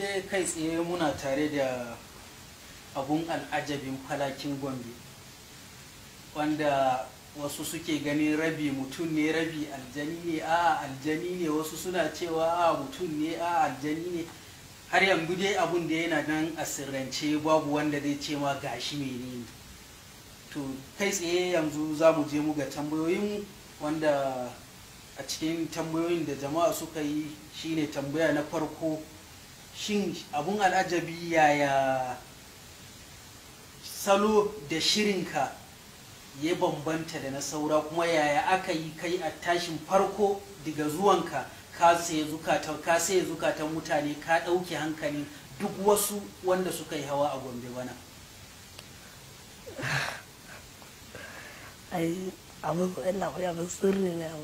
dai kai tsaye muna tare da abun al'ajabin falakin gombe wanda wasu suke ganin rabi mutum ne rabi aljani ne a aljani ne wasu suna cewa a mutum ne a aljani ne har yanzu dai abun da yana nan a sirrance babu wanda zai ce ma gashi ne to kai tsaye yanzu za mu je mu ga tambayoyin wanda a cikin tambayoyin da jama'a suka yi shine tambaya na farko shin abun al'ajabi yaya salo da shirinka ya bambanta da na saura kuma yaya aka yi kai a tashin farko daga zuwanka ka sai zukatan mutane ka ɗauke hankali, duk wasu wanda suka yi hawa a gombe bana ai ba sirri ne a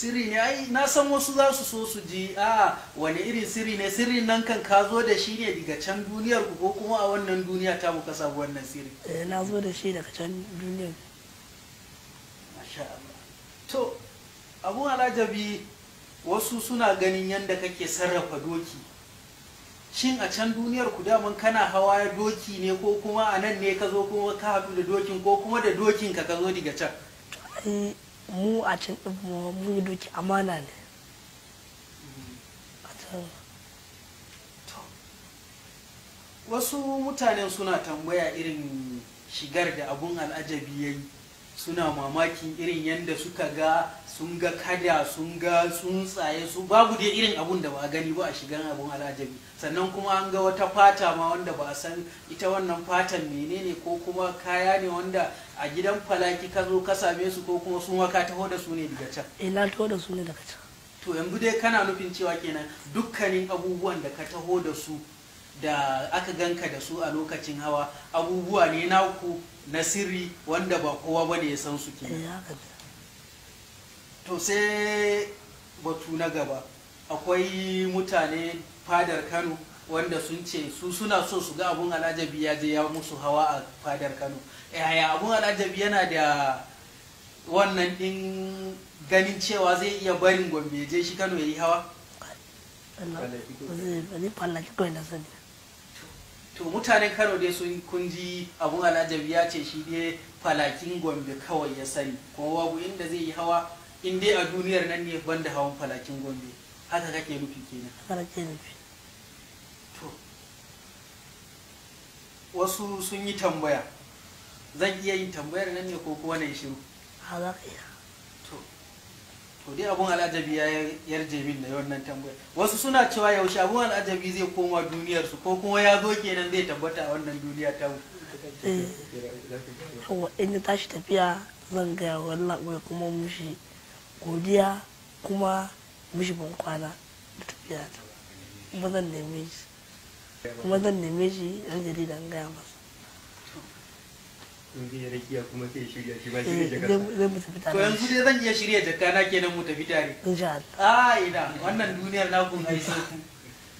sirri ne ai na san wasu za su so su ji a wani irin sirri ne sirrin nan kan ka zo da shi ne daga can duniyar ku ko kuma a wannan duniya ta muka samu wannan sirri eh na zo da shi daga can duniyar masha Allah to abun alajabi wasu suna ganin yadda kake sarrafa doki shin a can duniyar ku daman kana hawa doki ne ko kuma a nan ne ka zo kuma ka haɗu da dokin ko kuma da dokin ka ka zo daga can eh, mu a can ɗin mu doki amana ne wasu mutanen suna tambaya irin shigar da abun al'ajabi ya yi suna mamakin irin yadda suka ga sun ga kada sun ga tsuntsaye su babu dai irin abun da ba gani ba a shigan abun alajabi sannan kuma an ga wata fata ma wanda ba san ita wannan fatan menene ko kuma kaya ne wanda a gidan falaki ka zo ka same su ko kuma sun waka taho da su ne daga can eh taho da su ne daga can to yanzu dai kana nufin cewa kenan dukkanin abubuwan da ka taho da su da aka ganka da su a lokacin hawa abubuwa ne naku na sirri wanda ba kowa ba ne ya san su ke eh, to sai batu na gaba akwai mutane fadar kano wanda sun ce su suna so su ga abun alajabi ya je ya musu hawa a fadar kano yaya abun alajabi yana da wannan din ganin cewa zai iya barin gombe je shi kano ya yi hawa to mutanen kano dai sun kunji abun alajabi ya ce shi dai falakin gombe kawai ya sani kuma babu inda zai yi hawa in dai a duniyar nan ne banda hawan falakin gombe haka kake nufi kenan falakin nufi to wasu sun yi tambaya zan iya yin tambayar nan ne ko kuwa na shiru ha za ka iya to dai abun al'ajabi ya yarje min da wannan tambaya wasu suna cewa yaushe abun al'ajabi zai koma duniyar su ko kuma ya zo kenan zai tabbata a wannan duniya ta mu eh, in ya tashi tafiya zan ga wannan bai kuma mushi godiya kuma mushi ban kwana da tafiya ta kuma zan neme shi kuma zan neme shi yan jarida gaya masa in zai rakiya kuma sai shirya shi ba shirya eh, jakarta zai to yanzu dai zan iya shirya jakka na kenan mu tafi tare insha a ina wannan duniyar na kun haisa ku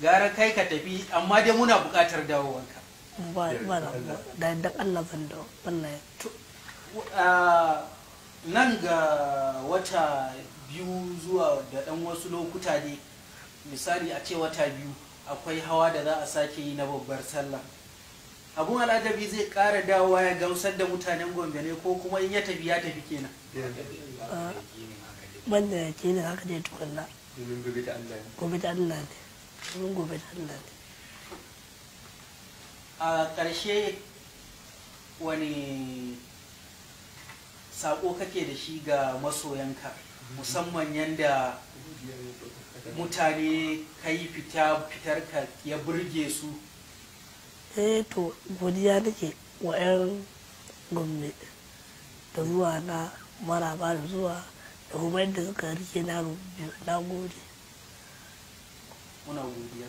gara kai ka tafi amma dai muna buƙatar dawowanka ba ba da yadda Allah zan dawo wallahi to nan ga wata biyu zuwa da dan wasu lokuta ne misali a ce wata biyu akwai hawa da za a sake yi na babbar sallah abun al'ajabi zai kara dawowa ya gamsar da mutanen gombe ne ko kuma in ya tafi ya tafi kenan banda ya ke ne haka dai tukunna gobe ta Allah ne gobe ta Allah ne gobe Allah ne a ƙarshe wani sako kake da shi ga masoyanka musamman yadda mutane ka yi fitar ka ya burge su Sai eh to godiya nake wa 'yan gombe da zuwa na maraba da zuwa da kuma yadda suka rike na gode muna godiya